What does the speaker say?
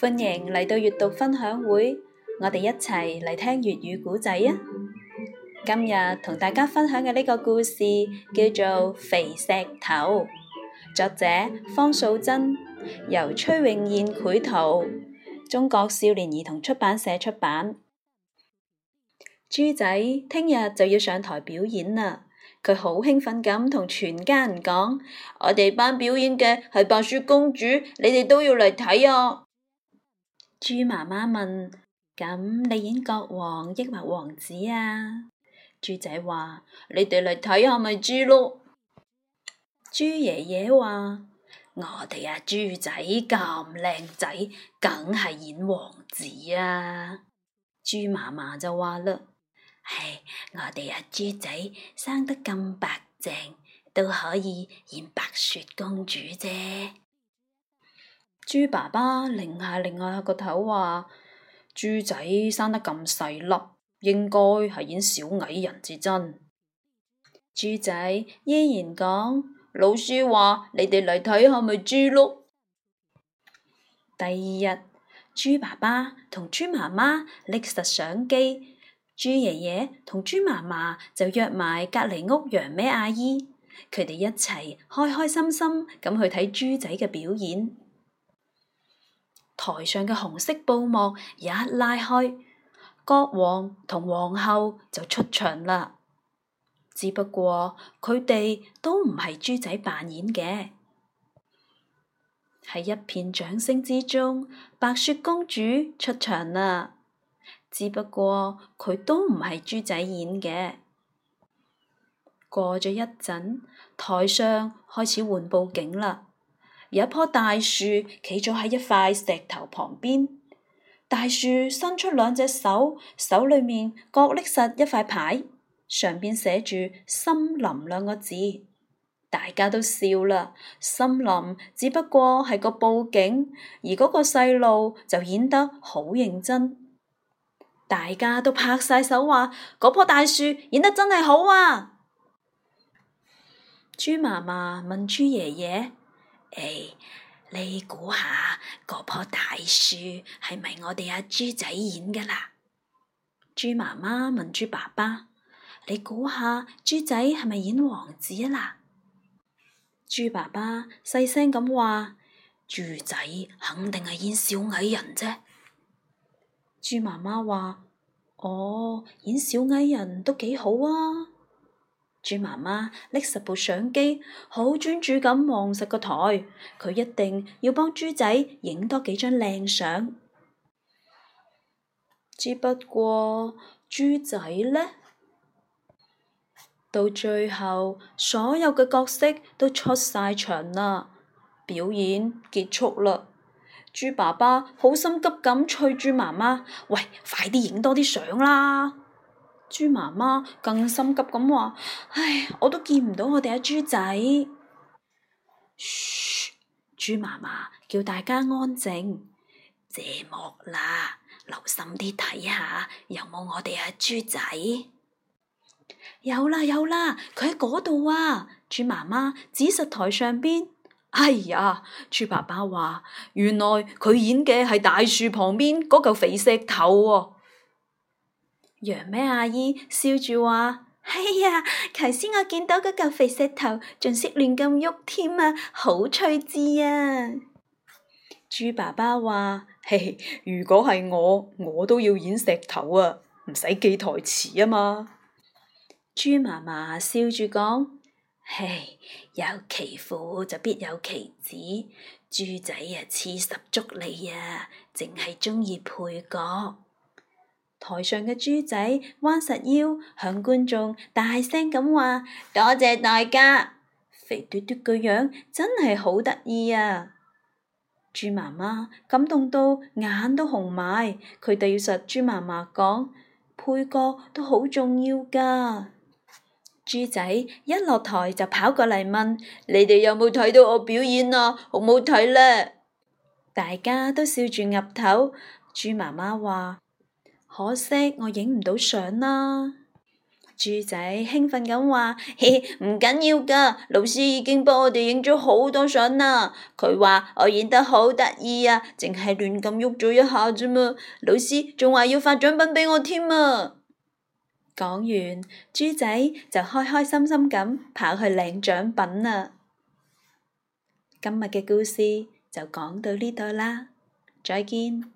歡迎嚟到閱讀分享會，我哋一齊嚟聽粵語古仔啊！今日同大家分享嘅呢個故事叫做《肥石頭》，作者方素珍，由崔永燕繪圖，中國少年兒童出版社出版。豬仔聽日就要上台表演啦，佢好興奮咁同全家人講： 我哋班表演嘅係白雪公主，你哋都要嚟睇啊！豬媽媽問：咁你演國王抑或王子啊？豬仔話：你哋嚟睇下咪知咯。豬爺爺話：我哋阿、啊、豬仔咁靚仔，梗係演王子啊。豬媽媽就話嘞，唉、哎，我哋阿、啊、豬仔生得咁白淨，都可以演白雪公主啫。豬爸爸擰下擰下個頭，話：豬仔生得咁細粒，應該係演小矮人至真。豬仔依然講：老師話你哋嚟睇下咪豬碌？第二日，豬爸爸同豬媽媽拎實相機，豬爺爺同豬媽媽就約埋隔籬屋羊咩阿姨，佢哋一齊開開心心咁去睇豬仔嘅表演。台上嘅紅色布幕一拉開，國王同皇后就出場啦。只不過佢哋都唔係豬仔扮演嘅。喺一片掌聲之中，白雪公主出場啦。只不過佢都唔係豬仔演嘅。過咗一陣，台上開始換布景啦。有一棵大樹企咗喺一塊石頭旁邊，大樹伸出兩隻手，手裏面各拎實一塊牌，上邊寫住“森林”兩個字，大家都笑啦。森林只不過係個布景，而嗰個細路就演得好認真，大家都拍晒手話：嗰棵大樹演得真係好啊！豬媽媽問豬爺爺。誒、哎，你估下嗰棵大樹係咪我哋阿、啊、豬仔演噶啦？豬媽媽問豬爸爸：你估下豬仔係咪演王子啊？啦？豬爸爸細聲咁話：豬仔肯定係演小矮人啫。豬媽媽話：哦，演小矮人都幾好啊！豬媽媽拎實部相機，好專注咁望實個台，佢一定要幫豬仔影多幾張靚相。只不過豬仔呢？到最後，所有嘅角色都出晒場啦，表演結束啦。豬爸爸好心急咁催豬媽媽，喂，快啲影多啲相啦！豬媽媽更心急咁話：唉，我都見唔到我哋阿豬仔。嘘，豬媽媽叫大家安靜，謝幕啦，留心啲睇下，有冇我哋阿豬仔？有啦有啦，佢喺嗰度啊！豬媽媽，指實台上邊。哎呀，豬爸爸話，原來佢演嘅係大樹旁邊嗰嚿、那個、肥石頭啊。羊咩阿姨笑住話：，係呀，頭先我見到嗰嚿肥石頭仲識亂咁喐添啊，好趣致啊！豬爸爸話：，如果係我，我都要演石頭啊，唔使記台詞啊嘛。豬媽媽笑住講：，嘿，有其父就必有其子，豬仔啊，似十足你啊，淨係鍾意配角。台上嘅豬仔彎實腰，向觀眾大聲咁話：多謝大家，肥嘟嘟個樣真係好得意啊！豬媽媽感動到眼都紅埋，佢哋要實豬媽媽講，配角都好重要噶。豬仔一落台就跑過嚟問：你哋有冇睇到我表演啊？好唔好睇咧！大家都笑住岌頭，豬媽媽話。可惜我影唔到相啦。豬仔興奮咁話：嘻嘻，唔緊要噶，老師已經幫我哋影咗好多相啦。佢話我影得好得意啊，淨係亂咁喐咗一下啫嘛。老師仲話要發獎品俾我添啊。講完，豬仔就開開心心咁跑去領獎品啦。今日嘅故事就講到呢度啦，再見。